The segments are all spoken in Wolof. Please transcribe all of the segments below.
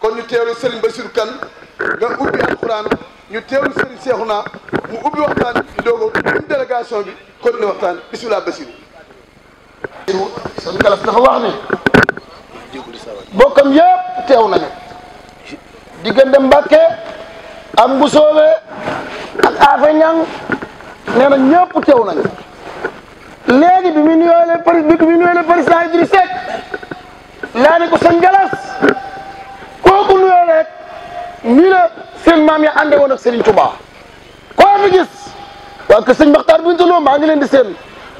kon ñu teewlu Serigne Bassirou Kane nga ubbi alxuraan ñu teewlu Serigne Cheikhouna mu ubbi waxtaan bi doog a ubbi délégation bi kon ne waxtaan bisimilah Bassirou. sëñ Galas dafa wax ne bokkam yëpp teew nañu diggante Mbàkke ak Mbusoobe ak Afe Ñang nee na ñëpp teew nañu léegi bi mu nuyoolee par bi mu nuyoolee président Idrissa Seck laa ne ko sëñ Galas. nii la seen maam ya ànde woon ak Serigne Touba koo fi gis waa kër sëñ Maxtaar bu ñu toloo maa ngi leen di seen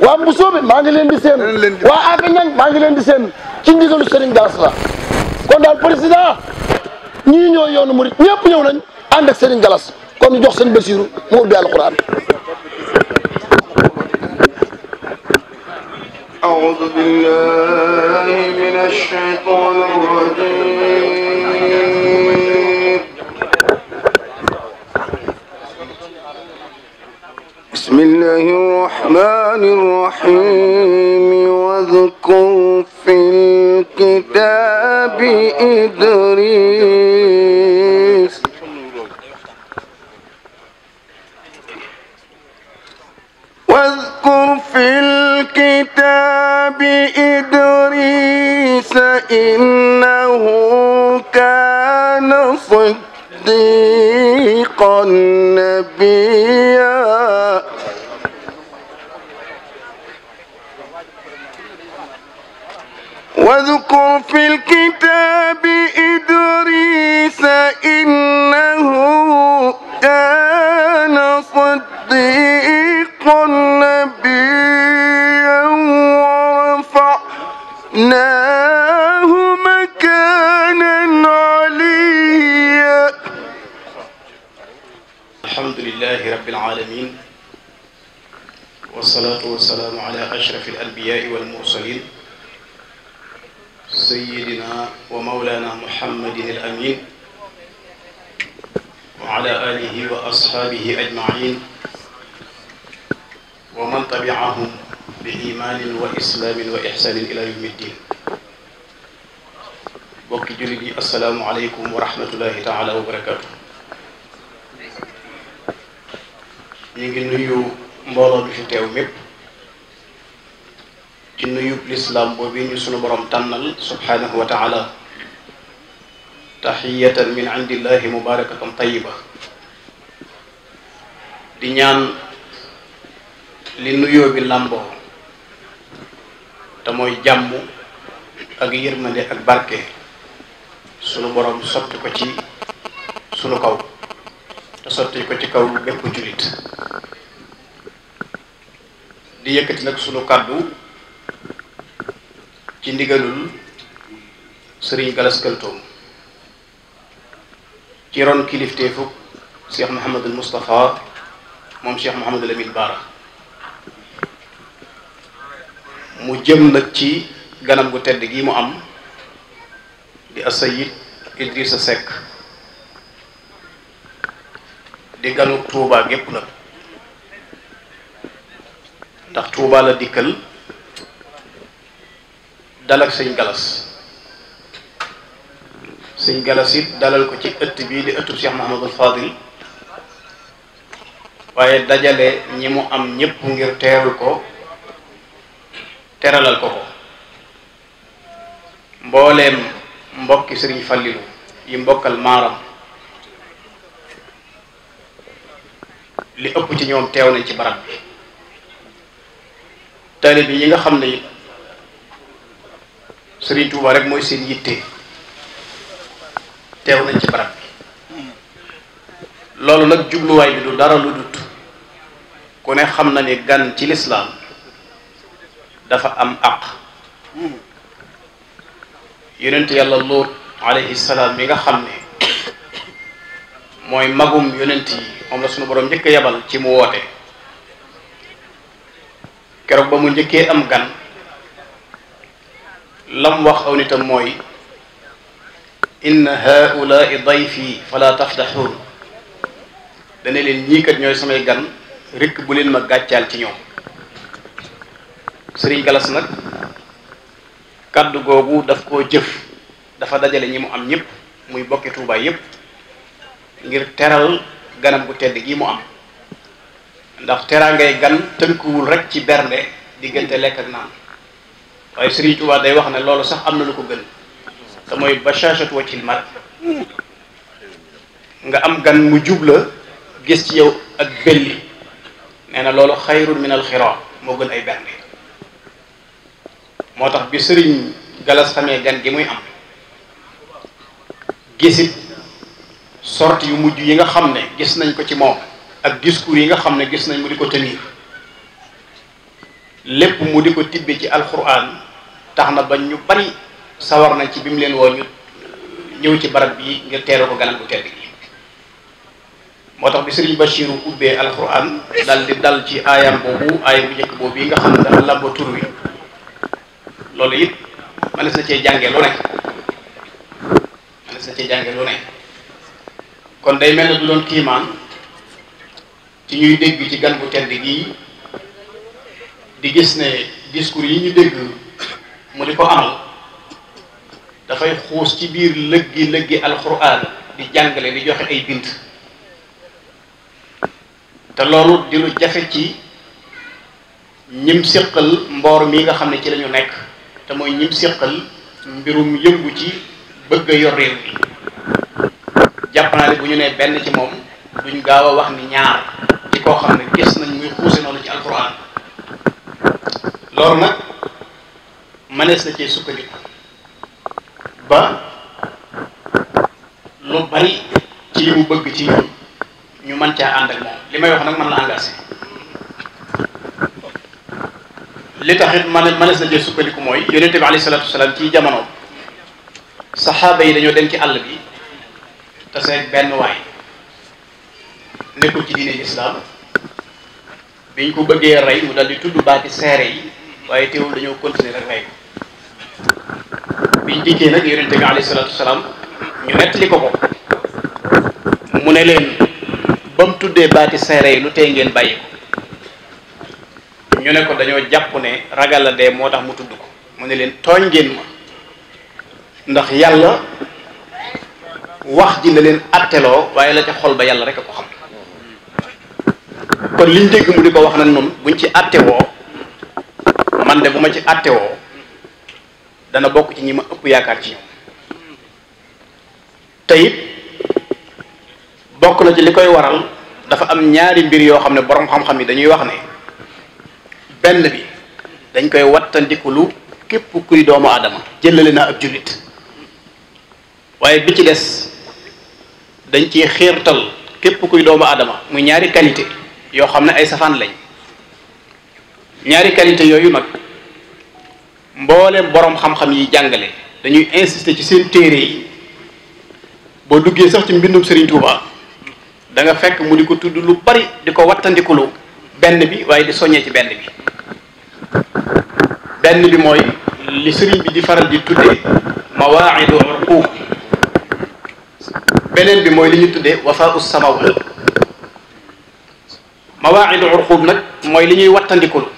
waa Mbusoobe maa ngi leen di seen waa Afe Ñang maa ngi leen di seen ci ndigalu Serigne Gass la kon daal président ñii ñoo yoonu murit ñëpp ñëw nañ ànd ak Serigne Galas kon ñu jox seen Basiru mu ubbi alquran أعوذ بسم الله الرحمن الرحيم واذكر في الكتاب إدريس واذكر في الكتاب إدريس إنه كان صديقا نبيا وارزقهم في الكتاب إدريس إنه كان صديقا نبيا ورفعناه مكانا عليا الحمد لله رب العالمين والصلاة والسلام على أشرف الأنبياء والمرسلين سيدنا ومولانا محمد الأمين وعلى آله وأصحابه أجمعين ومن تبعهم بإيمان وإسلام وإحسان إلى يوم الدين bokki jullit yi asalaamualeykum wa rahmatullahi taala wa barakaatu ñu ngi nuyu mbooloo bi fi teew mépp ci nuyub lislaam boobu ñu sunu borom tànnal subhaanahu wa taala taxiyatan min indillahi mubarakatan tayiba di ñaan li nuyoo bi làmboo te mooy jàmm ak yërmande ak barke sunu borom sotti ko ci sunu kaw te sotti ko ci kaw bépp jullit di yëkkati nag sunu kàddu ci ndigalul sëriñ Galas Kaltoom ci ron kilifteefu Cheikh Mouhamadul Moustapha moom Cheikh Mouhamadul Amin Baara mu jëm nag ci ganam gu tedd gi mu am di asayid Idrissa Seck di ganu Touba gépp nag ndax Touba la dikkal dal ak sëñ galas sëñ galas it dalal ko ci ëtt bii di ëttu Cheikh Mahamadul Fadil waaye dajale ñi mu am ñépp ngir teerul ko teralal ko ko mbooleem mbokki sëriñ Fallilu yi mbokkal maaram li ëpp ci ñoom teew nañ ci barab bi taalib yi nga xam ne Serigne Touba rek mooy seen yitte teew nañ ci barab bi loolu nag jubluwaay bi du dara lu dut ku ne xam na ni gan ci lislaam dafa am àq yonent yàlla Luut alayhi yi nga xam ne mooy magum yonent yi moom la sunu borom njëkk yebal ci mu woote keroog ba mu njëkkee am gan lam wax aw nitam mooy inna fii dayfi fala taftaxuun dane leen ñii kat ñooy samay gan rikk bu leen ma gàccaal ci ñoom sëriñ galas nag kàddu googu daf koo jëf dafa dajale ñi mu am ñépp muy bokki tuubaay yëpp ngir teral ganam gu tedd gi mu am ndax teraangay gan tënkuwul rek ci bernde diggante lekk ak naan waaye Sëriñ Tuubaa day wax ne loolu sax am na lu ko gën te mooy bashashatu waccil mar nga am gan mu jub la gis ci yow ak belli nee na loolu xayrun min al xiraa moo gën ay bernde moo tax bi sëriñ galas xamee gan gi muy am gisit sorte yu mujj yi nga xam ne gis nañ ko ci moom ak gis discours yi nga xam ne gis nañ mu di ko tenir lépp mu di ko tibbe ci alquran tax na ba ñu bari sawar na ci bi mu leen woo ñu ñëw ci barab bi ngir teere ko ganan bu tedd gi moo tax bi sëriñ Bachiru ubbee alquran dal di dal ci aayam boobu aaya bu njëkk boobu yi nga xam ne dafa làmboo tur wi loolu it mënees na cee jàngee lu ne mënees na cee jàngee lu ne kon day mel ne du doon kiimaan ci ñuy dégg ci gan bu tedd gii di gis ne discours yi ñu dégg mu di ko amal dafay xuus ci biir lëggi lëggi alquran di jàngale di joxe ay bind te loolu di lu jafe ci ñim séqal mboor mi nga xam ne ci lañu nekk te mooy ñim séqal mbirum yëngu ci bëgg a yor réew mi jàpp naa bu ñu nee benn ci moom duñ gaaw a wax ni ñaar ci koo xam ne gis nañ muy xuuse noonu ci alquran loolu nag mënees na cee sukkandiku ba lu bari ci li mu bëgg ci ñun ñu mën caa ànd ak moom li may wax nag man la engagé li taxit man mënees na cee sukkandiku mooy yonent bi alayhi salaatu wasalaam ci jamono saxaaba yi dañoo dem ci àll bi te seeg benn waay nekkul ci diine islaam biñ ko bëggee rey mu dal di tudd baati seere yi waaye teewul dañoo continuer rek rey biñ dikkee nag yonente bi alayhi salaatu wasalaam ñu nettali ko ko mu ne leen ba tuddee baati seere yi lu tey ngeen bàyyi ko ñu ne ko dañoo jàpp ne ragala de moo tax mu tudd ko mu ne leen tooñ ngeen ma ndax yàlla wax ji la leen atteloo waaye la ca xol ba yàlla rek a ko xam kon liñ dégg mu di ko wax na noonu buñ ci attewoo man de bu ma ci attewoo dana bokk ci ñi ma ëpp yaakaar ci ñoom te bokk na ci li koy waral dafa am ñaari mbir yoo xam ne borom xam-xam yi dañuy wax ne benn bi dañ koy wattandikulu lu képp kuy doomu aadama jëlale naa ab jullit waaye bi ci des dañ ci xiirtal képp kuy doomu aadama muy ñaari qualité yoo xam ne ay safaan lañ ñaari qualité yooyu nag mbooleem boroom xam-xam yi jàngale dañuy insister ci seen téere yi boo duggee sax ci mbindum Serigne Touba da fekk mu di ko tudd lu bari di ko wattandikuloo benn bi waaye di soññee ci benn bi benn bi mooy li sëriñ bi di faral di tuddee mawaa'idu urquub beneen bi mooy li ñu tuddee wafaa'u samawaat mawaa'idu urquub nag mooy li ñuy wattandikuloo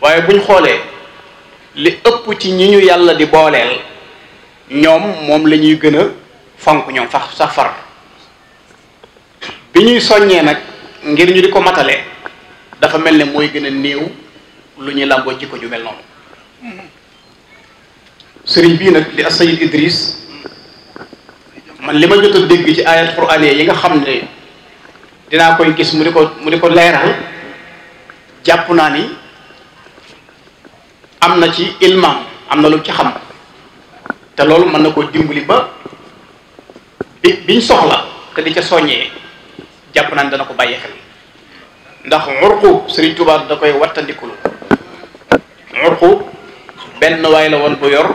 waaye buñ xoolee li ëpp ci ñi ñu yàlla di booleel ñoom moom lañuy ñuy gën a fonk ñoom sax sax far bi ñuy soññee nag ngir ñu di ko matale dafa mel ne mooy gën a néew lu ñuy làmboo jikko ju mel noonu sëriñ bii nag di Asayid Idris man li ma jot a dégg ci ayat quraan yi nga xam ne dinaa koy gis mu di ko mu di ko leeral jàpp naa ni am na ci ilma am na lu ci xam te loolu mën na koo dimbali ba bi biñ soxla te di ca soññee jàpp naan dana ko bàyyi xel ndax urqu Sëriñ Tuubaa da koy wattandikulu urqu benn waay la woon bu yor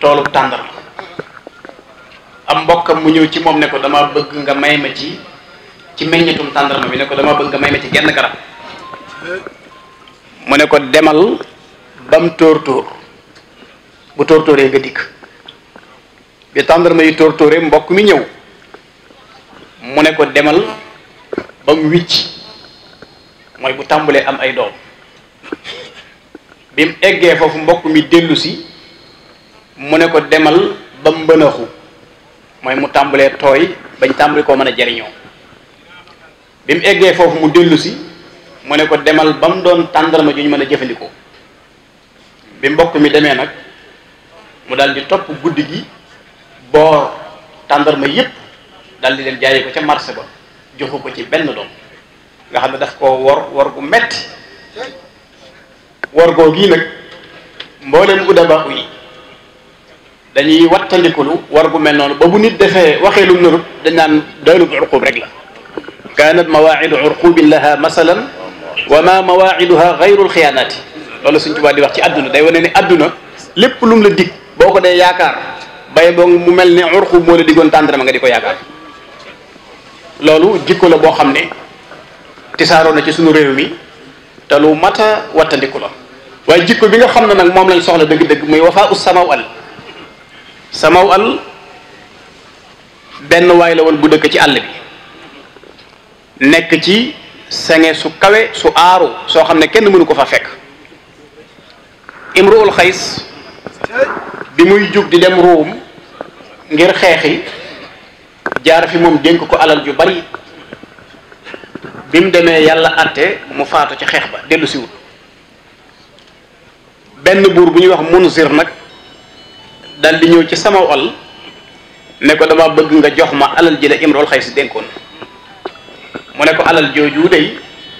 toolu tàndarma am mbokkam mu ñëw ci moom ne ko dama bëgg nga may ma ci ci meññetum tàndarma bi ne ko dama bëgg nga may ma ci genn garab mu ne ko demal bam tóor tóor bu tóor tóoree nga dikk bi tàndarma yi tóor tóoree mbokk mi ñëw mu ne ko demal ba mu wicc mooy bu tàmbalee am ay doom bi eggee foofu mbokk mi dellu si mu ne ko demal ba mu mbënaxu mooy mu tàmbalee tooy bañ tàmbali koo mën a jariñoo eggee foofu mu dellu si mu ne demal ba doon tàndarma ju ñu mën a jëfandikoo bi mbokk mi demee nag mu daldi di topp guddi gi boor tàndarma yépp daal di leen jaayi ko ca ba joxu ko ci benn doom nga xam ne daf ko wor wor metti wor goo gii nag mbooleem gudda baaxu yi dañuy wattandikulu war gu mel noonu ba bu nit defee waxee lu nurut dañ naan daynub urquub rek la kaanat mawaacidu urquubin laha masalan wa ma mawaaciduha gayru alxiyaanaati loolu suñ tubaab di wax ci àdduna day wane ne àdduna lépp lu la digg boo ko dee yaakaar bay boo mu mel ne urxu moo la diggoon tàndarama nga di ko yaakaar loolu jikko la boo xam ne tisaaroo na ci suñu réew mi te lu mat a wattandiku la waaye jikko bi nga xam ne nag moom lañ soxla dëgg-dëgg muy wafaa us samaw al samaw al benn waay la woon bu dëkk ci àll bi nekk ci sange su kawe su aaru soo xam ne kenn mënu ko fa fekk imrool xays bi muy jug di dem ruum ngir xeexi jaar fi moom dénk ko alal ju bari bi mu demee yàlla àtte mu faatu ci xeex ba dellu benn buur bu ñuy wax Munzir nag dal di ñëw ci sama ol ne ko dama bëgg nga jox ma alal ji la imrol xay dénkoon mu ne ko alal jooju dey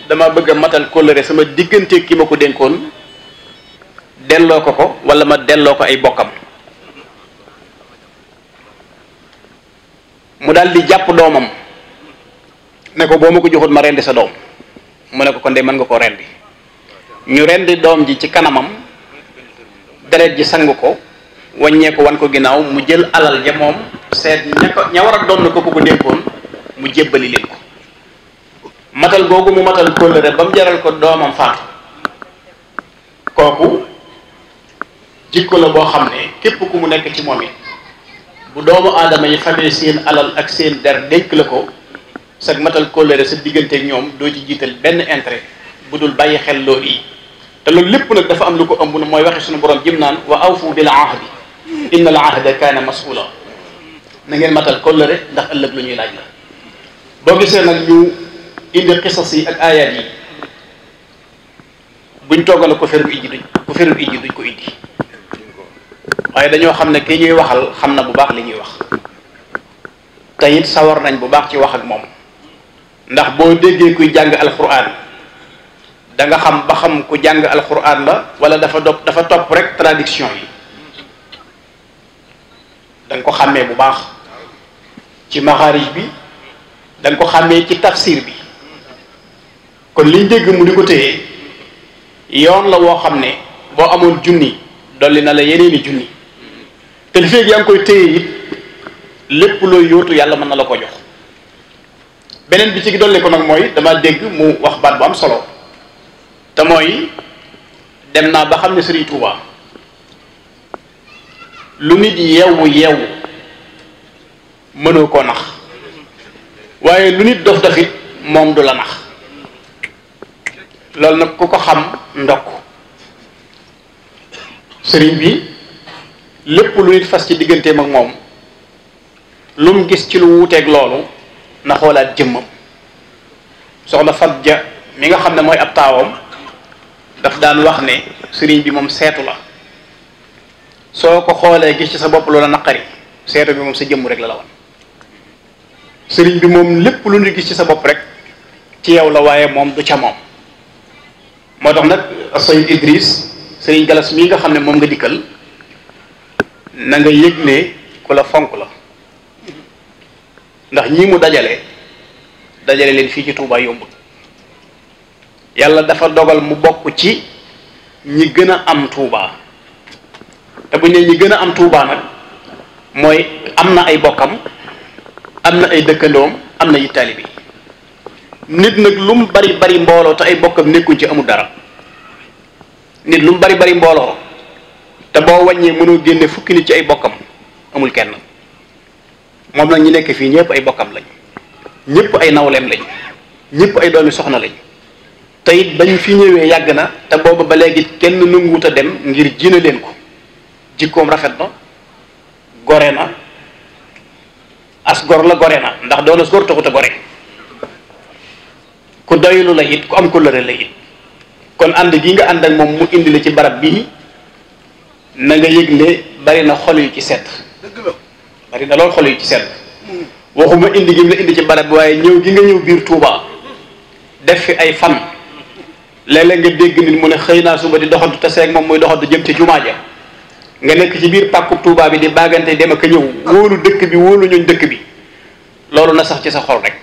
dama bëgg a matal kóllëre sama diggante ki ma ko dénkoon delloo ko ko wala ma delloo ko ay bokkam mu daal di jàpp doomam ne ko boo ma ko joxut ma rendi sa doom mu ne ko kon de man nga koo rendi ñu rend doom ji ci kanamam deret ji sang ko wàññee ko wan ko ginnaaw mu jël alal ja moom seet ña ko ña war a doon ko ko dénkoon mu jébbali leen ko matal googu mu matal kóllëre ba mu jaral ko doomam faatu kooku jikko la boo xam ne képp ku mu nekk ci moom it bu doomu aadama yi xamee seen alal ak seen der dénk la ko sa matal kóllëre sa digganteek ñoom doo ci jiital benn intérêt bu dul bàyyi xel loo yi te loolu lépp nag dafa am lu ko ëmb mooy waxe suñu borom jim naan wa awfu bil ahdi inna al ahda kaana mas'ula na ngeen matal kóllëre ndax ëllëg lu ñuy laaj la boo gisee nag ñu indi xisas yi ak aayaat yi buñ toogal ko feru ijji duñ ko feru ijji duñ ko indi waaye dañoo xam ne kii ñuy waxal xam na bu baax li ñuy wax te sawar nañ bu baax ci wax ak moom ndax boo déggee kuy jàng alxuraan da nga xam ba xam ku jàng alxuraan la wala dafa dop dafa topp rek traduction yi da ko xàmmee bu baax ci maxaarij bi da ko xàmmee ci tafsir bi kon liñ dégg mu di ko téye yoon la woo xam ne boo amoon junni dolli na la yeneeni junni te li feeg yaa ngi koy téye it lépp looy yootu yàlla mën na la ko jox beneen bi ci dolli ko nag mooy dama dégg mu wax baat bu am solo te mooy dem naa ba xam ne Serigne Touba lu nit yeewu yeewu mënoo koo nax waaye lu nit dof dafit moom du la nax loolu nag ku ko xam ndokk sëriñ bi lépp lu nit fas ci digganteem ak moom lu mu gis ci lu wuuteeg loolu na xoolaat jëmmam soxna Fat Ja mi nga xam ne mooy ab taawam daf daan wax ne sëriñ bi moom seetu la soo ko xoolee gis ci sa bopp loola naqari seetu bi sa jëmm rek la la wan sëriñ bi moom lépp lu nit gis ci sa bopp rek ci yow la waaye moom du ca moom moo tax nag sëñ Idris sëriñ Galas mii nga xam ne moom nga dikkal na nga yëg ne ku la fonk la ndax ñii mu dajale dajale leen fii ci tuubaa yombul yàlla dafa dogal mu bokk ci ñi gën a am Touba te bu ñu nee ñi gën a am Touba nag mooy am na ay bokkam am na ay dëkkandoom am na yi bi nit nag lu mu bari bari mbooloo te ay bokkam nekkuñ ci amul dara nit lu mu bari bari mbooloo. te boo wàññee mënoo génne fukki nit ci ay bokkam amul kenn moom nag ñi nekk fii ñëpp ay bokkam lañ ñépp ay nawleem lañ ñëpp ay doomi soxna lañ te it bañ fii ñëwee yàgg na te booba ba léegi kenn nanguwut a dem ngir jiina leen ko jikkoom rafet na gore na as gor la gore na ndax doon as gor taxut a gore ku doylu la it ku am kóllëre la it kon ànd gi nga ànd ak moom mu indi la ci barab bii na nga yëg ne bari na xol yu ci set bari na lool xol yu ci set hmm. waxuma indi gi mu la indi ci barab waaye ñëw gi nga ñëw biir Touba def fi ay fan léeg-léeg nga dégg nit mu ne xëy naa suba di doxantu te seeg moom muy doxantu jëm ci jumaa ja nga nekk ci biir pàkku Touba bi di bàggante dem ak a ñëw wóolu dëkk bi wóolu ñooñ dëkk bi loolu na sax ci sa xol rek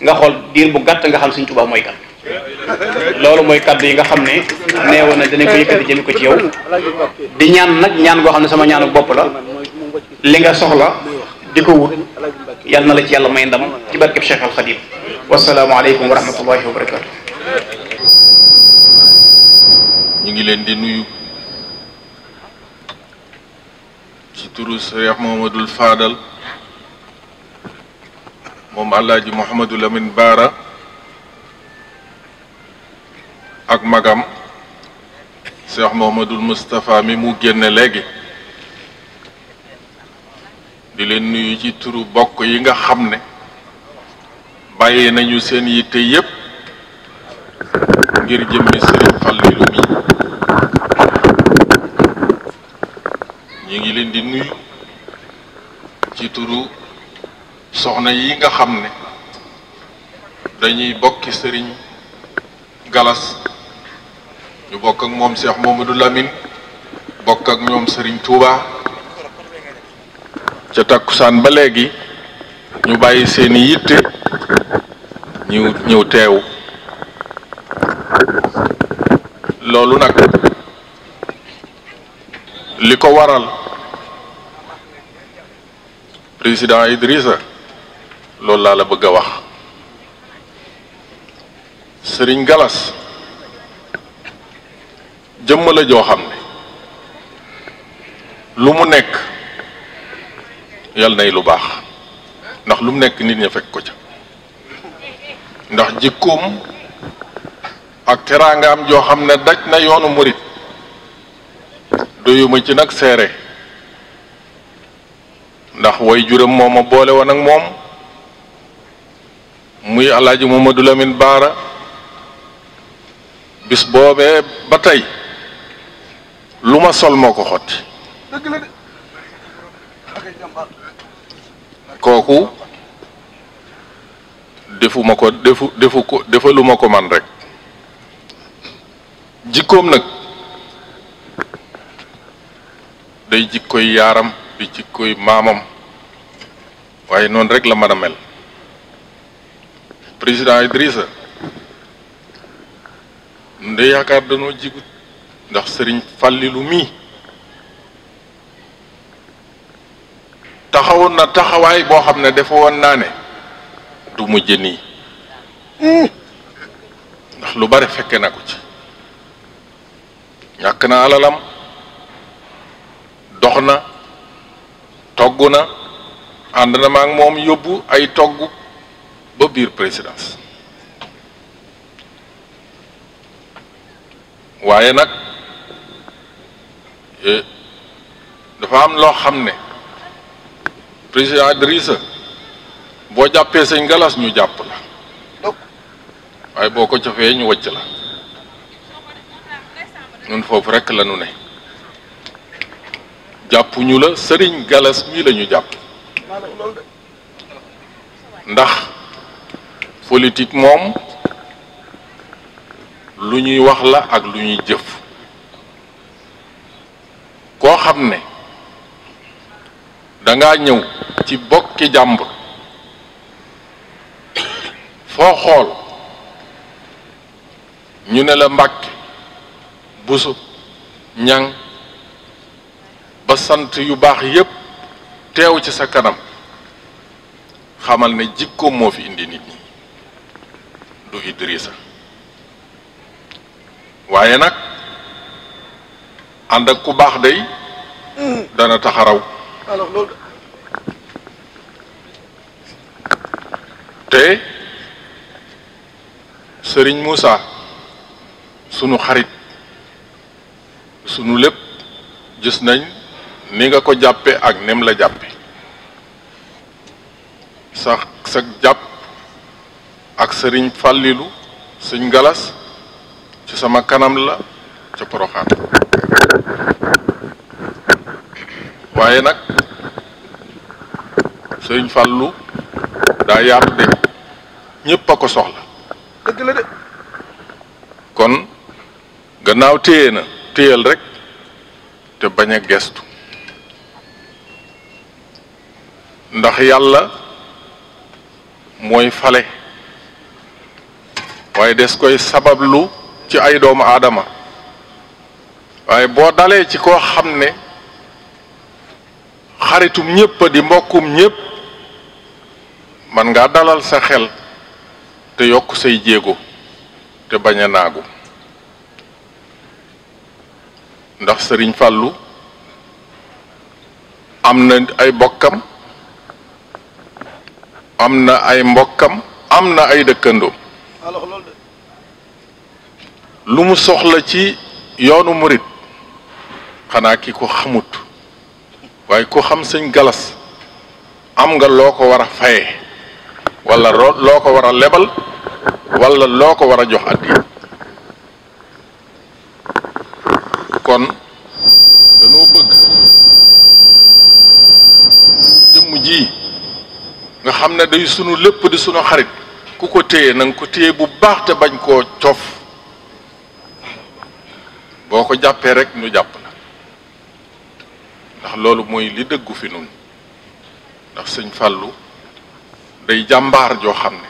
nga xool diir bu gàtt nga xam suñ Touba mooy kan loolu mooy kaddu yi nga xam ne neewoon na danañ ko yëkkati jëmi ko ci yow di ñaan nag ñaan goo xam ne sama ñaanu bopp la li nga soxla di ko wut yal na la ci yàlla may ndam ci barkeb Cheikh Al Khadim wasalaamualeykum wa rahmatullahi wa barakatu ngi leen di nuyu ci turu Cheikh Mamadou Fadal Baara ak magam Cheikh Mouhamadoul Moustapha mi mu génne léegi di leen nuyu ci turu bokk yi nga xam ne bàyyi nañu seen yitte yépp ngir jëmmi Serigne Fallilou mi ñu ngi leen di nuyu ci turu soxna yi nga xam ni dañuy bokki sëriñ Galas ñu bokk ak moom Cheikh Mamadou Lamine bokk ak ñoom Serigne Touba ca takkusaan ba léegi ñu bàyyi seeni yitte ñu ñëw teew loolu nag li ko waral président Idrissa loolu laa la bëgg a wax sëriñ Galas jëmm la joo xam ne lu mu nekk yal nay lu baax ndax lu mu nekk nit ña fekk ko ca ndax jikkoom ak teraangaam joo xam ne daj na yoonu murit doyuma ci nag seere ndax way juram moo ma boole woon moom muy alaaji Mamadou Lamine Baara bis boobee ba tey lu ma sol moo ko xotti kooku defuma ko defu defu ko defaluma ko man rek jikkoom nag day jikkoy yaaram di jikkoy maamam waaye noonu rek la mën a mel président Idrissa nde yaakaar danoo jigut ndax sëriñ fàllilu mii taxawoon na taxawaay boo xam ne dafa woon naa ne du mujj nii hmm. ndax lu bare fekke na ko ci ñàkk na alalam dox na togg na ànd na maak moom yóbbu ay togg ba biir présidence waaye nag Euh, dafa am loo xam ne président Idrissa boo jàppee sëñ Galas ñu jàpp la waaye boo ko cofee ñu wacc la ñun foofu rekk la ne jàppuñu la sëriñ Galas mii la ñu jàpp ndax politique moom lu ñuy wax la ak lu ñuy jëf koo xam ne danga ñëw ci bokki jàmbur foo xool ñu ne la Mbàkke busu ñang ba sant yu baax yépp teew ci sa kanam xamal ne jikko moo fi indi nit ñi du Idrissa waaye nag ànd ak ku baax day hmm. dana taxaraw te sëriñ Moussa sunu xarit sunu lépp gis nañ ni nga ko jàppe ak nem la jàppe sax sa jàpp ak sëriñ Fàllilu sëñ Galas ci sama kanam la ca Poroxaan waaye nag sëriñ Fallou daa yaatu de ñëpp a ko soxla dëgg la kon gannaaw téye na téyal rek te bañ a gestu ndax yàlla mooy fale waaye des koy sabablu ci ay doomu aadama waaye boo dalee ci koo xam ne xaritum ñépp di mbokkum ñépp man nga dalal sa xel te yokk say jéego te bañ a naagu ndax sëriñ fàllu am na ay bokkam am na ay mbokkam am na ay dëkkandoo lu mu soxla ci yoonu murit xanaa ki ko xamut waaye ku xam sëñ galas am nga loo ko war a faye wala loo ko war a lebal walla loo ko war a jox addi kon danoo bëgg jëmm ji nga xam ne day sunu lépp di sunu xarit ku ko téye na ko téye bu baax te bañ koo coof boo ko jàppee rek ñu jàpp la ndax loolu mooy li dëggu fi nun ndax sëñ fàllu day jàmbaar joo xam ne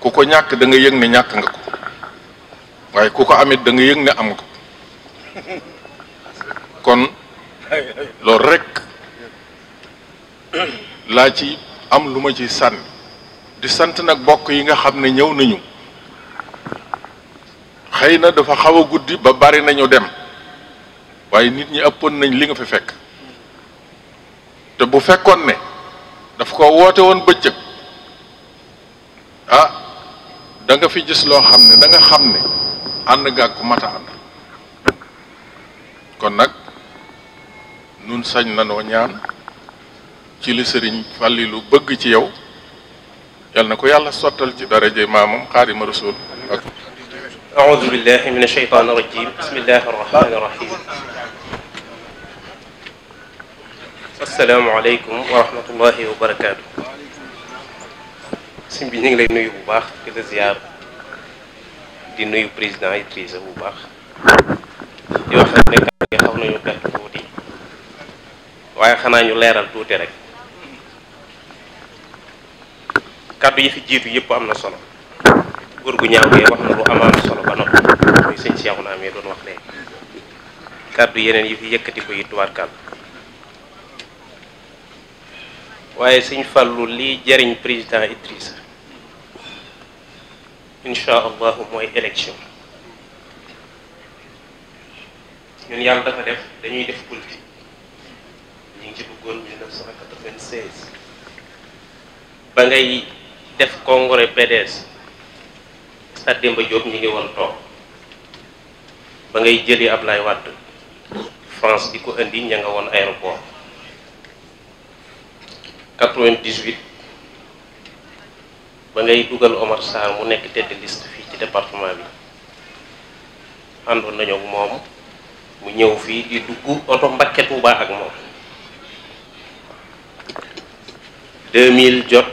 ku ko ñàkk danga nga yëg ne ñàkk nga ko waaye ku ko amit danga nga yëg ne am ko kon loolu rek laa ci am lu ma ci sànni di sant nag bokk yi nga xam ne ñëw nañu xëy na dafa xaw a guddi ba bari nañu dem waaye nit ñi ëppoon nañ li nga fi fekk te bu fekkoon ne daf ko woote woon bëccëg ah danga fi gis loo xam ne danga xam ne ànd gaag ku mat a kon nag nun sañ nanoo ñaan ci li sëriñ lu bëgg ci yow yal na ko yàlla sottal ci daraje maamam xaadima rasul ak bismillahi arrahmani arrahim asalaamualeykum wa rahmatullahi wa barakaatu. sëñ bi ñu ngi lay nuyu bu baax di la di nuyu président Idrissa bu baax di wax rek ne waaye xanaa ñu leeral tuuti rek kàddu yi fi jiitu yëpp am na solo góor gu ñaaw wax na lu amaam solo ba noppi muy sëñ Cheikhouna mi doon wax léegi kàddu yeneen yi fi yëkkati ko yi tubaarkàll waaye suñ fàllu lii jariñ président Idrissa incha allahu mooy élection ñun yàlla dafa def dañuy def politique ñu ngi ci bëggoon 1996 ba ngay def congrès PDS Stade Demba Diop ñu ngi woon toog ba ngay jëli Ablaye Wade France di ko indi ña nga woon aéroport 98 ba ngay dugal Omar Sarr mu nekk tête de fii ci département bi àndoon nañu ak moom mu ñëw fii di dugg oto Mbacké Touba ak moom 2000 jot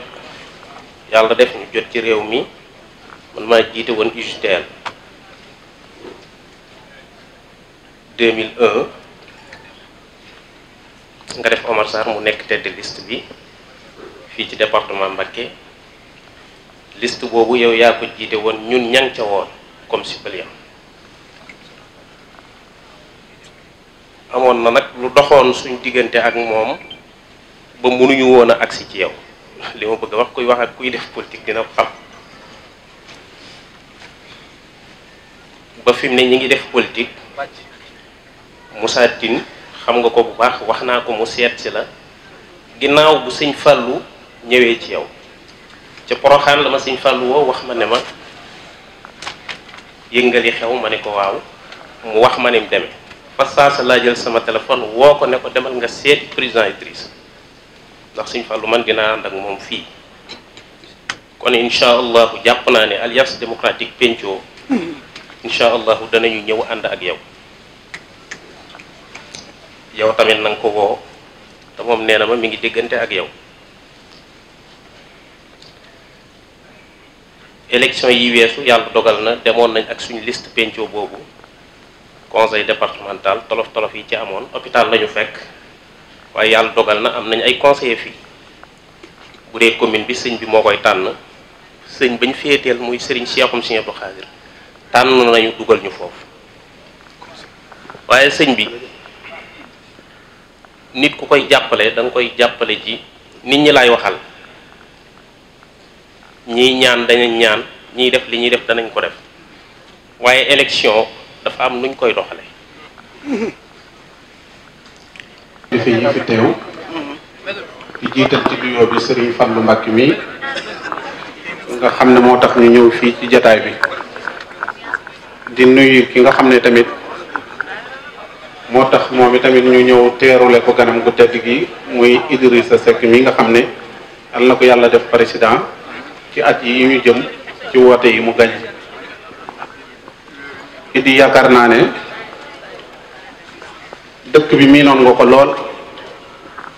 yàlla def ñu jot ci réew mi man maa jiite woon UJTL 2001 nga def Omar Sarr mu nekk tête de bi fii ci département Mbacké list boobu yow yaa ko jiite woon ñun ñang ca woon comme suppléant amoon na nag lu doxoon suñ diggante ak moom ba mënuñu woon a agsi ci yow li ma bëgg a wax kuy def politique dina ko xam ba fi mu ne ñi ngi def politique Moussa Tine xam nga ko bu baax wax naa ko mu seet si la ginnaaw bu sëñ Fallou ñëwee ci yow ca poroxaan la ma sëñ Fallou woo wax ma ne ma yëg nga li xew ma ne ko waaw mu wax ma ne mu demee fa saasa laa jël sama téléphone woo ko ne ko demal nga seet président Idriss ndax sëñ Fallou man dinaa ànd ak moom fii kon incha allahu jàpp naa ne alliance démocratique penco incha allahu danañu ñëw ànd ak yow yow tamit na nga ko woo te moom nee na ma mi ngi déggante ak yow élection yi weesu yàlla dogal na demoon nañ ak suñu list penco boobu conseil départemental tolof tolof yi ci amoon hôpital la ñu fekk waaye yàlla dogal na am nañ ay conseillers fii bu dee commune bi sëñ bi moo koy tànn sëñ bañ féeteel muy sëriñ Cheikhoum Sëñ Abdou Khadir tànn nañu dugal ñu foofu waaye sëñ bi nit ku koy jàppale da nga koy jàppale ji nit ñi laay waxal ñiy ñaan danañ ñaan ñiy def li ñuy def danañ ko def waaye élection dafa am nuñ koy doxale kilifa yi fi teew di jiital ci nuyoo bi Serigne Fallou Mbacké mi nga xam ne moo tax ñu ñëw fii ci jataay bi di nuyu ki nga xam ne tamit moo tax moom itamit ñu ñëw teerule ko ganam gu tedd gi muy sa Seck mi nga xam ne yal na ko yàlla def président ci at yi ñu jëm ci woote yi mu gañe di yaakaar naa ne dëkk bi miinoon nga ko lool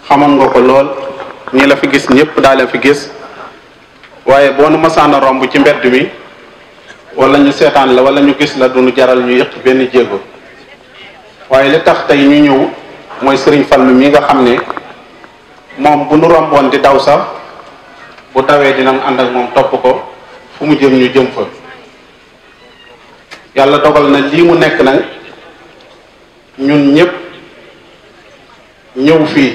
xamoon nga ko lool ñi la fi gis ñépp daal la fi gis waaye boo nu masaan romb ci mbedd mi wala ñu seetaan la wala ñu gis la duñu jaral ñu yëq benn jéego waaye lu tax tey ñu ñëw mooy sëriñ Fallu mi nga xam ne moom bu nu romboon di daw sax bu tawee dinañ ànd ak moom topp ko fu mu jëm ñu jëm fa yàlla dogal na lii mu nekk nag ñun ñëpp ñëw fii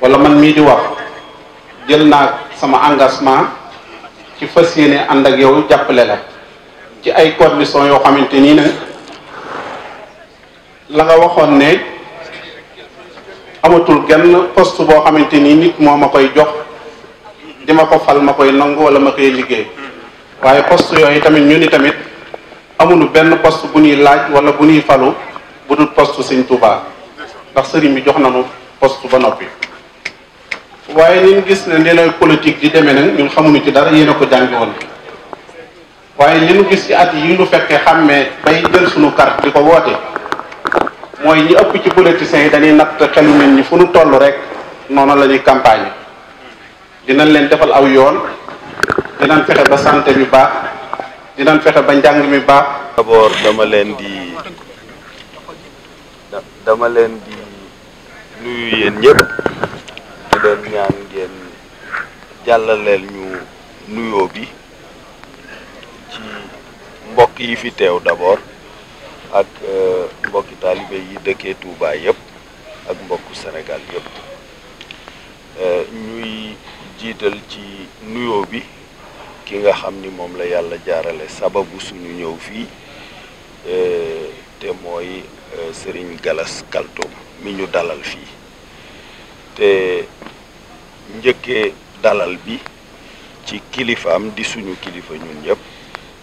wala man mii di wax jël naa sama engagement ci fas yéene ànd ak yow jàppale la ci ay conditions yoo xamante nii ne la nga waxoon ne amatul genn post boo xamante nii nit moo ma koy jox di ma ko fal ma koy nangu wala ma koy liggéey waaye poste yooyu tamit ñu ni tamit amunu benn poste bu ñuy laaj wala bu ñuy falu bu dul poste sëñ Touba ndax sëriñ bi jox nañu poste ba noppi waaye ñu gis ne li lay politique di demee nag ñun xamuñu ci dara yéen ko jàngi woon waaye li ñu gis ci at yi ñu fekkee xàmmee bay jël suñu carte di ko woote mooy ñi ëpp ci politiciens yi dañuy natt xelu mel ni fu nu toll rek noonu lañuy ñuy campagne dinañ leen defal aw yoon dinañ fexe ba santé bi baax dinañ fexe ba njàng mi baax. d'abord dama leen di dama leen di nuyu yéen ñëpp di leen ñaan ngeen jàllaleel ñu nuyoo bi ci mbokk yi fi teew d'abord ak euh, mbokki taalibe yi dëkkee Touba yëpp ak mbokku Sénégal yëpp euh, ñuy. jiital ci nuyoo bi ki nga xam ni moom la yàlla jaarale sababu suñu ñëw fii eh, te mooy eh, sëriñ Galas Kaltoum mi ñu dalal fii te njëkke dalal bi ci kilifaam di suñu kilifa ñun ñëpp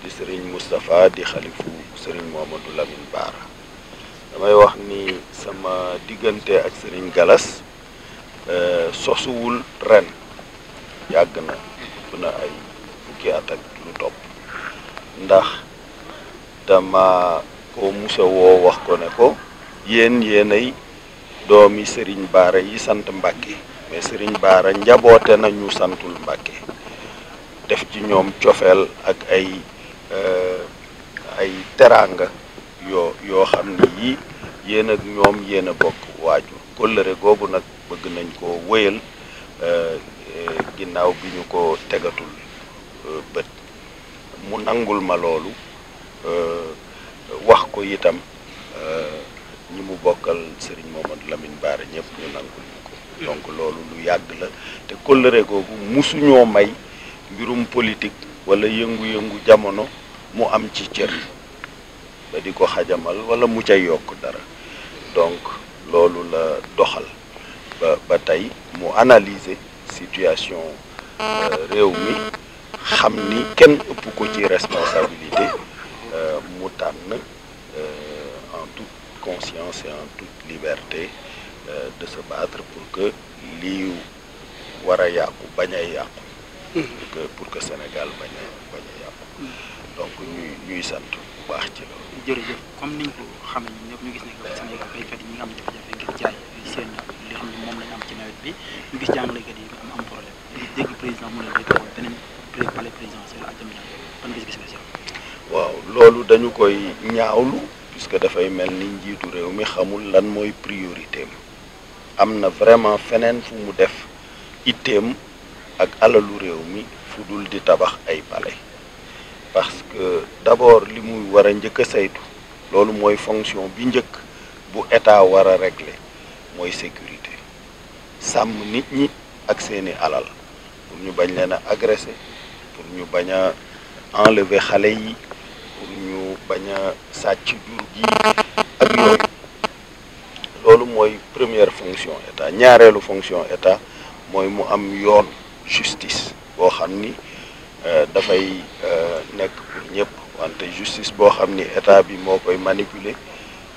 di sëriñ Moustapha di xalifu Serigne Mohamadou Lamine Bara damay wax ni sama diggante ak sëriñ Galas eh, sosuwul ren yàgg na bu na ay fukki at lu topp ndax dama ko musa woo wax ko ne ko yéen yéenay doomi sëriñ baara yi sant mbàkke mais sëriñ baara njaboote nañu santul mbàkke def ci ñoom cofeel ak ay euh, ay teraanga yoo xam ne yii yéen ak ñoom yéen a bokk waaju kóllëre googu nag bëgg nañ ko wëyal euh, ginnaaw bi ñu ko tegatul euh, bët mu nangul ma loolu euh, wax ko itam euh, ñi mu bokkal sëriñ Momadou Lamine Baara ñëpp ñu nangul ñu ko donc loolu lu yàgg la te kóllëre googu musuñoo may mbirum politique wala yëngu-yëngu jamono mu am ci cër ba di ko xajamal wala mu ca yokk dara donc loolu la doxal ba tey mu analyser situation euh, réew mi xam ni kenn ëpp ko ci responsabilité euh, mu tànn euh, en toute conscience et en toute liberté de se battre pour que lii war a yàqu bañ a yàqu pour que pour que Sénégal bañ a bañ a yàqu donc ñuy ñuy sant bu baax ci loolu jërëjëf comme niñ ko xamee ñun ñu gis ne Sénégal béykat yi ñi nga am moom lañ ci nawet bi ñu gis jàngalekat yi dégg président mu ne waaw loolu dañu koy ñaawlu puisque dafay mel ni njiitu réew mi xamul lan mooy priorité am na vraiment feneen fu mu def itteem ak alalu réew mi fu dul di tabax ay palais parce que d'abord li muy war a njëkk a saytu loolu mooy fonction bi njëkk bu état war a régler mooy sécurité sàmm nit ñi ak seeni alal ñu bañ leen a agressé pour ñu bañ a enlever xale yi pour ñu bañ a sàcc jur gi ak yooyu loolu mooy première fonction état ñaareelu fonction état mooy mu am yoon justice boo xam ni euh, dafay euh, nekk pour ñëpp wante justice boo xam ni état bi moo koy manipuler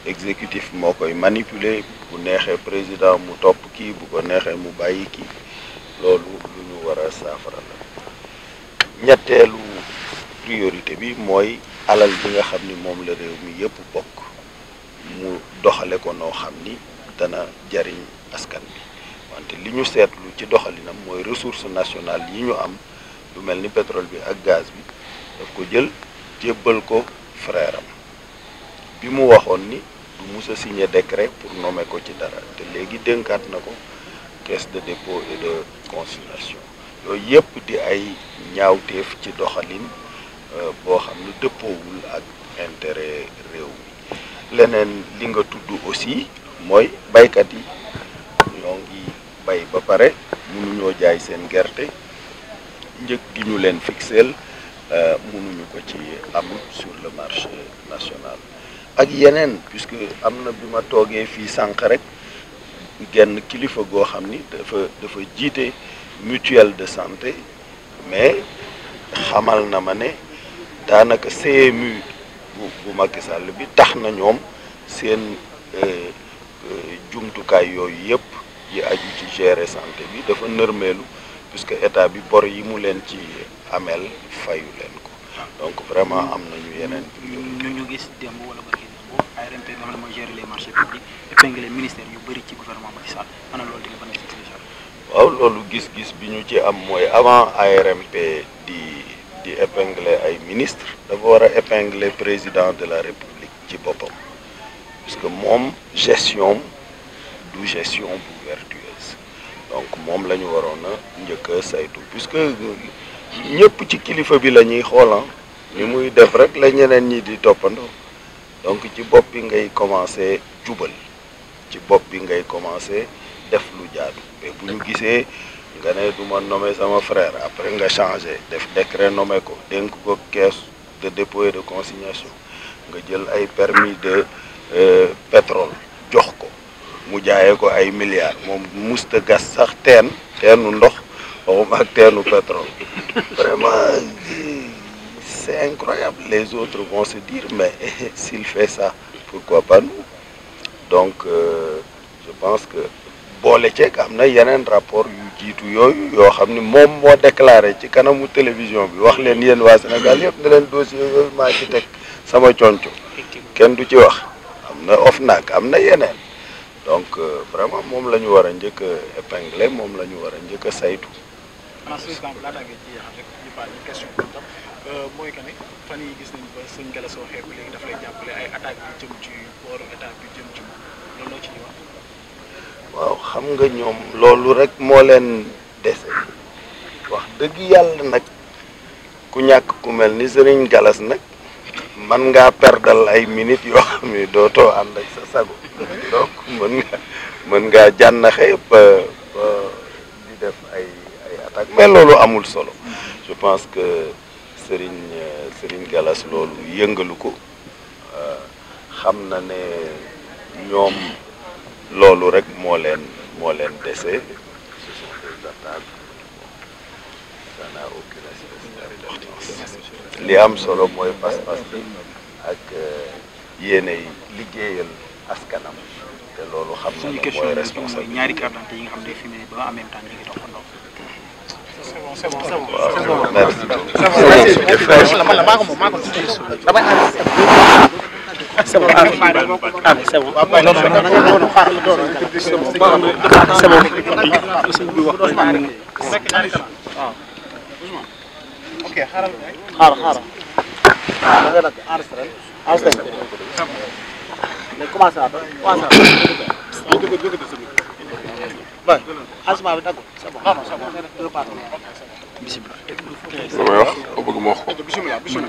exécutif moo koy manipuler bu neexee président mu topp kii bu ko neexee mu bàyyi kii loolu lu war saafara la ñetteelu priorité bi mooy alal bi nga xam ni moom la réew mi yëpp bokk mu doxale ko noo xam ni dana jariñ askan bi wante li ñu seetlu ci doxalinam mooy ressource nationale yi ñu am lu mel ni pétrole bi ak gaz bi daf ko jël jébbal ko frère bi mu waxoon ni du musa signe signé pour nommer ko ci dara te léegi dénkaat na ko caisse de dépôt et de consignation yooyu yëpp di ay ñaawteef ci doxalin euh, boo xam ne dëppoowul ak intérêt réew mi leneen li nga tudd aussi mooy baykat yi ñoo ngi bay ba pare ñoo jaay seen gerte njëg gi ñu leen fixeel euh, mënuñu ko ci am sur le marché national ak yeneen puisque am na bi ma toogee fii sànq rek genn kilifa goo xam ni dafa dafa jiite mutuelle de santé mais xamal na ma ne daanaka CMU bu bu Macky Sall bi tax na ñoom seen euh, euh, jumtukaay yooyu yëpp yi aju ci gérer santé bi dafa nërmeelu puisque état bi bor yi mu leen ci amel fayu leen ko donc vraiment am nañu yeneen priorité ñu gis démb wala barki démb ARMP nga xam ne mooy gérer les marchés publics épinglé ministère yu bëri ci gouvernement Macky Sall ana loolu dina ba nekk waaw loolu gis-gis bi ñu ci am mooy avant ARMP di di épingler ay ministre dafa war a épingler président de la république ci boppam parce que moom gestion du gestion bu vertueuse donc moom la ñu waroon a njëkk a saytu puisque ñëpp ci kilifa bi la ñuy xoolan ah, ni muy def rek la ñeneen ñi di toppandoo donc ci bopp bi ngay commencer jubal ci bopp bi ngay commencer def lu jaadu mais bu ñu gisee nga ne du ma sama frère après nga changé def décret nommé ko dénk ko caisse de dépôt et de consignation nga jël ay permis de euh, pétrole jox ko mu jaaye ko ay milliards moom musta gas sax teen teenu ndox waxuma ak teenu pétrole vraiment c'est incroyable les autres vont se dire mais s'il fait ça pourquoi pas nous donc euh, je pense que boole ceeg am na yeneen rapport yu jiitu yooyu yoo xam ni moom moo déclaré ci kanamu télévision bi wax leen yéen waa Sénégal yëpp ne leen dossier yooyu maa ci teg sama conco kenn du ci wax am na of OFNAC am na yeneen donc euh, vraiment moom lañu ñu war a njëkk a épingler moom la ñu war a njëkk saytu. Euh, mooy que ne fan yii gis nañu ba suñ gala soo xeeb daf lay jàppale waaw xam nga ñoom loolu rek moo leen dese wax dëgg yàlla nag ku ñàkk ku mel ni sëriñ galas nag man ngaa perdal ay minutes yoo xam ne dootoo ànd ak sa sago donc mën nga mën ngaa jànnaxee ba ba di def ay ay attaque mais loolu amul solo je pense que sëriñ sëriñ galas loolu yëngalu ko euh, xam na ne ñoom loolu rek moo leen moo leen dese li am solo mooy pas-pas bi ak yéenay liggéeyal askanam te loolu xam na ne mooy responsable ñaari carte d'identité yi nga xam ne fi mu ne ba en même temps ñu ngi toppandoo c'est bon c'est bon c'est bon merci beaucoup c'est bon ah ah c'est bon. non c'est bon. ok xaaral xaaral. da nga nag enregistré enregistré. léegi commencé waat commencé waat. jóge jóge de sëñ bi. waaw asma bi d'accord c'est bon. bisimilah lu may wax ko bëgg ma wax ko.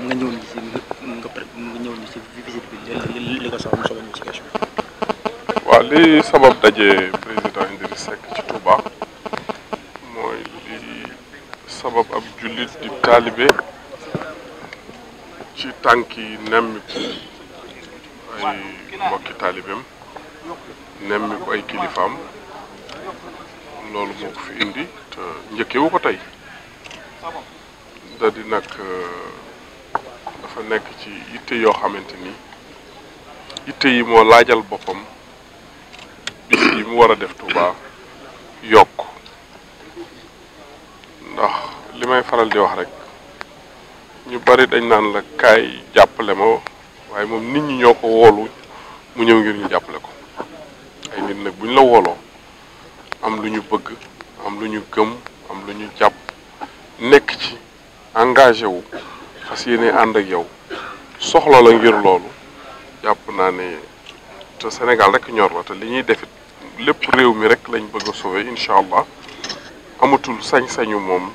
nga li sabab daje président Idriss Seck ci Touba mooy li sabab ab jullit di taalibe ci tànki nemmiku ay mbokki taalibeem nemmiku ay kilifaam loolu moo ko fi indi te njëkkewu ko tey. Ah da di nag euh, dafa nekk ci itte yoo xamante ni itte yi moo laajal boppam bis yi mu war a def Touba yokk ndax li may faral di wax rek ñu bari dañ naan la kaay jàppale ma waaye moom nit ñi ñoo ko woolu mu ñëw ngir ñu jàppale ko ay nit nag bu ñu la wooloo am lu ñu bëgg am lu ñu gëm am lu ñu jàpp nekk ci engagé wu fas yéene ànd ak yow soxla la ngir loolu jàpp naa ne te Sénégal rek ñor la te li ñuy def defit lépp réew mi rek lañ bëgg a sauver incha allah amatul sañ-sañu moom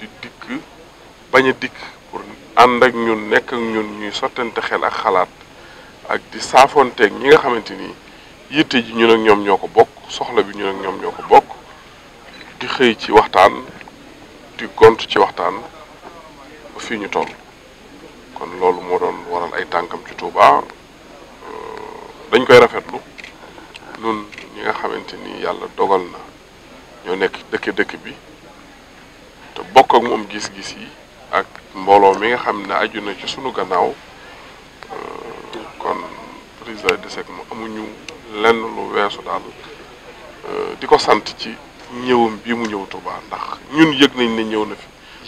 di dikk bañ a dikk pour ànd ak ñun nekk ak ñun ñuy sottante xel ak xalaat ak di saafonteeg ñi nga xamante ni yitte ji ñun ak ñoom ñoo ko bokk soxla bi ñun ak ñoom ñoo ko bokk di xëy ci waxtaan guddi gont ci waxtaan ba fii ñu toll kon loolu moo doon waral ay tànkam ci Touba euh, dañ koy rafetlu nun ñi nga xamante ni yàlla dogal na ñoo nekk dëkk dëkk bi te bokk ak moom gis-gis yi ak mbooloo mi nga xam ne aju na ci sunu gannaaw euh, kon président de sec mu amuñu lenn lu weesu daal euh, di ko sant ci. ñëwam bi mu ñëw Touba ndax ñun yëg nañ ne ñëw na fi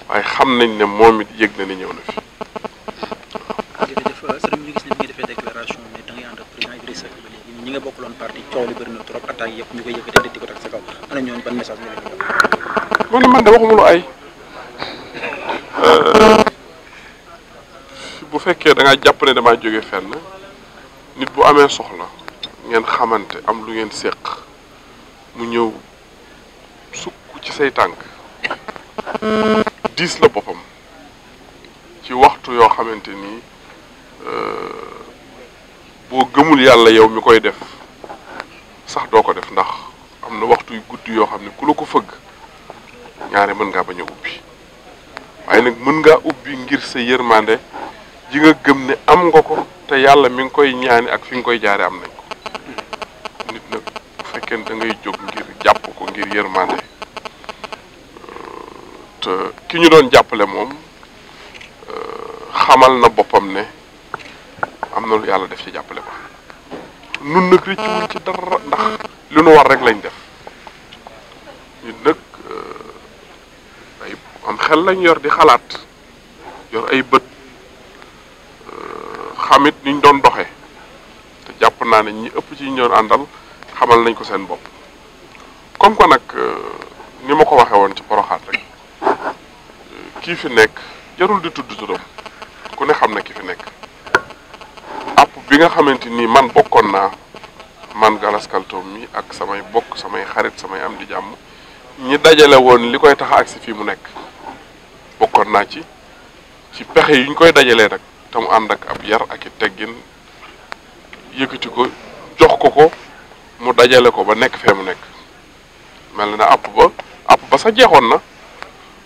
waaye xam nañ ne moom it yëg na ne ñëw na fi. jërëjëf euh, sëriñ ne bi nga defee déclaration ne da ngay ànd ak président Idrissa yëpp ñu ko teg sa kaw ana ñooñu ban message nga leen di wax. man de waxuma lu ay euh, bu fekkee da ngaa jàpp ne damaa jóge fenn nit bu amee soxla ngeen xamante am lu ngeen séq mu ñëw. ci say tànk diis la boppam ci waxtu yoo xamante ni euh, boo gëmul yàlla yow mi koy def sax doo ko def ndax am na waxtu yu guddi yoo xam ne ku la ko fëgg ñaare mën nga bañ a ubbi waaye nag mën ngaa ubbi ngir sa yërmande ji nga gëm ne am nga ko te yàlla mi ngi koy ñaani ak fi nga koy jaare am nañ ko nit nag bu fekkee da ngay jóg ngir jàpp ko ngir yërmande ki ñu doon jàppale moom euh, xamal na boppam ne am na lu yàlla def ci jàppale ko nun nag rëccuwul ci dara ndax li nu war rek lañ def ñun nag euh, ay am xel lañ yor di xalaat yor ay bët euh, xamit niñ doon doxe te jàpp naa ne ñi ëpp ci ñu doon àndal xamal nañ ko seen bopp comme que nag ni ma ko waxee woon ci poroxaat rek kii fi nekk jarul di tudd turam ku ne xam na ki fi nekk app bi nga xamante ni man bokkoon naa man Galas Kaltoom mi ak samay bokk samay xarit samay am di jàmm ñi dajale woon li koy tax ak si fii mu nekk bokkoon naa ci ci pexe yi koy dajalee nag te mu ànd ak ab yar ak i teggin yëkkati ko jox ko ko mu dajale ko ba nekk fee mu nekk mel na app ba app ba sa jeexoon na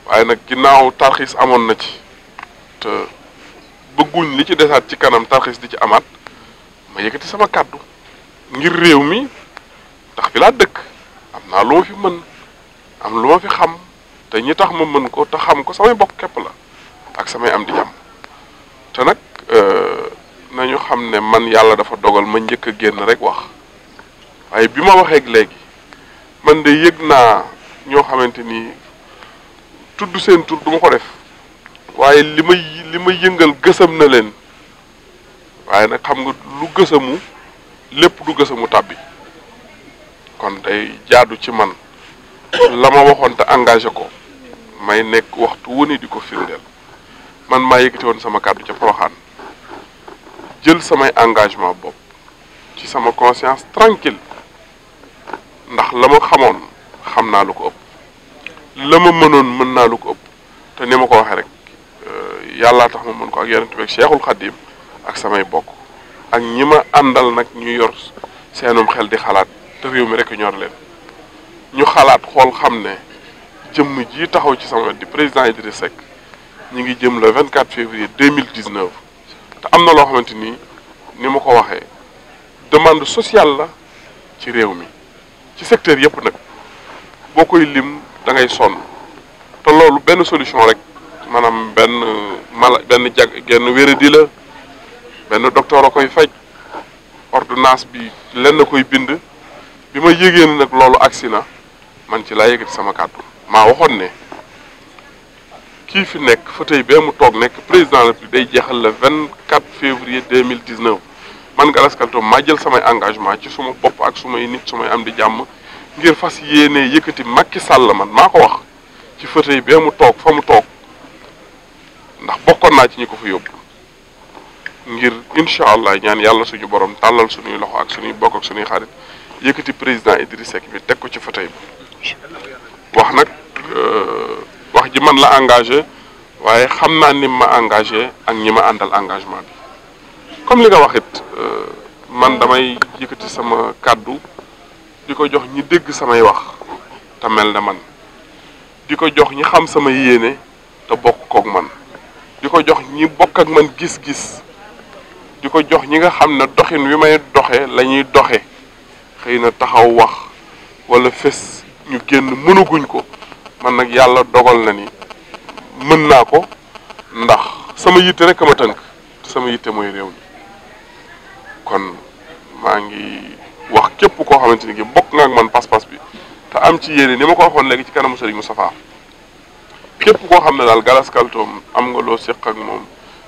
waaye nag ginnaaw tarxiis amoon na ci te bëgguñ li ci desaat ci kanam tarxiis di ci amaat ma yëkkati sama kàddu ngir réew mi ndax fi laa dëkk am naa loo fi mën am lu ma fi xam te ñi tax ma mën ko te xam ko samay bokk képp la ak samay am di jàmm te nag euh, na ñu xam ne man yàlla dafa dogal ma njëkk a génn rek wax waaye bi ma waxeeg léegi man de yëg naa ñoo xamante ni tudd seen tur duma ko def waaye li may li may yëngal gësëm na leen waaye nag xam nga lu gësamu lépp du gësamu tàbbi kon day jaadu ci man la ma waxoon te engagé ko may nekk waxtu wone di ko firndeel man maa yëkkati woon sama kàddu ca Poroxaan jël samay engagement bopp ci sama conscience tranquille ndax la ma xamoon xam naa lu ko ëpp la ma mënoon mën naa lu ko ëpp te ni ma ko waxee rek euh, yàllaa tax ma mën ko ak yonent bi ak Cheikhul Khadim ak samay bokk ak ñi ma àndal nag ñu yor seenum xel di xalaat te réew mi rek ñor leen ñu xalaat xool xam ne jëmm ji taxaw ci sama di président Idriss Seck ñu ngi jëm le 24 février 2019 te am na loo xamante nii ni ma ko waxee demande sociale la ci réew mi ci secteur yëpp nag boo koy lim. da ngay sonn te loolu benn solution rek maanaam benn mala benn jag genn wéradi la benn docteur a koy faj ordonnance bi lenn koy bind bi ma yégée nag loolu agsi na man ci laa yëgati sama kàddu maa waxoon ne kii fi nekk fa tey bee mu toog nekk président bi day jeexal le vingt quatre février deux mille dix neuf man Gallas Kaltoum maa jël samay engagement ci suma bopp ak sumay nit sumay am di jàmm ngir fas yéene yëkkati Macky Sall man maa ko wax ci fauteuil bee mu toog fa mu toog ndax bokkoon naa ci ñu ko fa yóbbu ngir incha allah ñaan yàlla suñu borom tàllal suñuy loxo ak suñuy bokk ak suñuy xarit yëkkati président Idriss Seck bi teg ko ci fauteuil bi wax nag euh, wax ji man la engagé waaye xam naa nim ma engagé ak ñi ma àndal engagement bi comme li nga wax it euh, man damay yëkkati sama kàddu di ko jox ñi dégg samay wax te mel na man di ko jox ñi xam sama yéene te bokk kook man di ko jox ñi bokk ak man gis-gis di ko jox ñi nga xam ne doxin wi may doxe la ñuy doxe xëy na taxaw wax walla fes ñu génn mënuguñ ko man nag yàlla dogal na ni mën naa ko ndax sama yitte rek ma tënk sama yitte mooy réew mi kon maa ngi wax képp koo xamante ni gi bokk nga ak man pas-pas bi te am ci yéene ni ma ko waxoon léegi ci kanamu Sëriñ Moustapha képp koo xam ne daal Galas am nga loo séq ak moom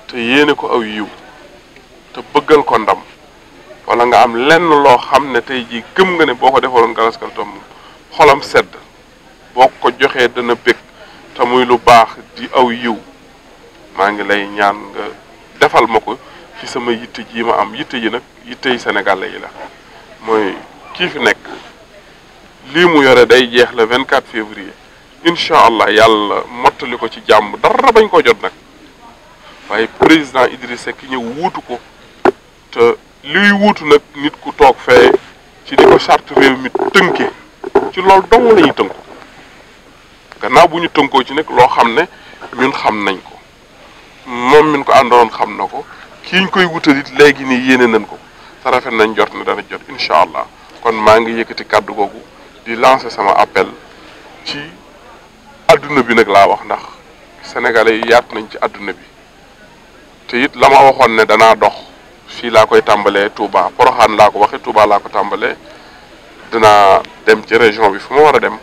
te yéene ko aw yiw te bëggal ko ndam wala nga am lenn loo xam ne tey jii gëm nga ne boo ko defaroon Galas Kaltoum xolam sedd boo ko joxee dana bég te muy lu baax di aw yiw maa ngi lay ñaan nga defal ma ko ci sama yitte ji ma am yitte yi nag yitte yi Sénégalais yi la mooy kii fi nekk lii mu yore day jeexle vingt quatre février incha allah yàlla mottali ko ci jàmm dara bañ koo jot nag waaye président Idriss Seck ñëw wuutu ko te liy wuutu nag nit ku toog fee ci di ko charte réew mi tënke ci loolu dong la tënku gannaaw bu ñu tënkoo ci nag loo xam ne ñun xam nañ ko moom min ko àndoon xam na ko kii ñu koy wutal léegi nii yéene nañ ko. te rafet nañ jot na dana jot incha allah kon maa ngi yëkkati kàddu googu di lancé sama appel ci àdduna bi nag laa wax ndax sénégalais yi yaat nañ ci àdduna bi te it la ma waxoon ne danaa dox fii laa koy tàmbalee Touba Porokhane laa ko waxee Touba laa ko tàmbalee dana dem ci région bi fu ma war a dem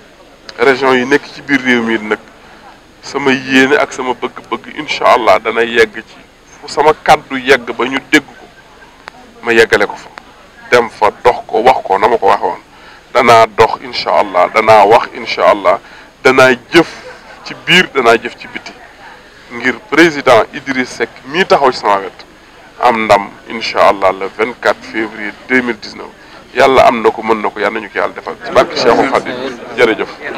région yi nekk ci biir réew mi nag sama yéene ak sama bëgg-bëgg incha allah dana yegg ci fu sama kàddu yegg ba ñu dégg. ma yeggale ko fa dem fa dox ko wax ko na ma ko waxe woon danaa dox incha allah danaa wax incha allah danaa jëf ci biir danaa jëf ci biti ngir président Idriss Seck mii taxaw ci sama wet am ndam incha allah le 24 février 2019 yàlla am na ko mën na ko yàlla ñu ko yàlla defal ci barke Cheikhul Khadim jërëjëf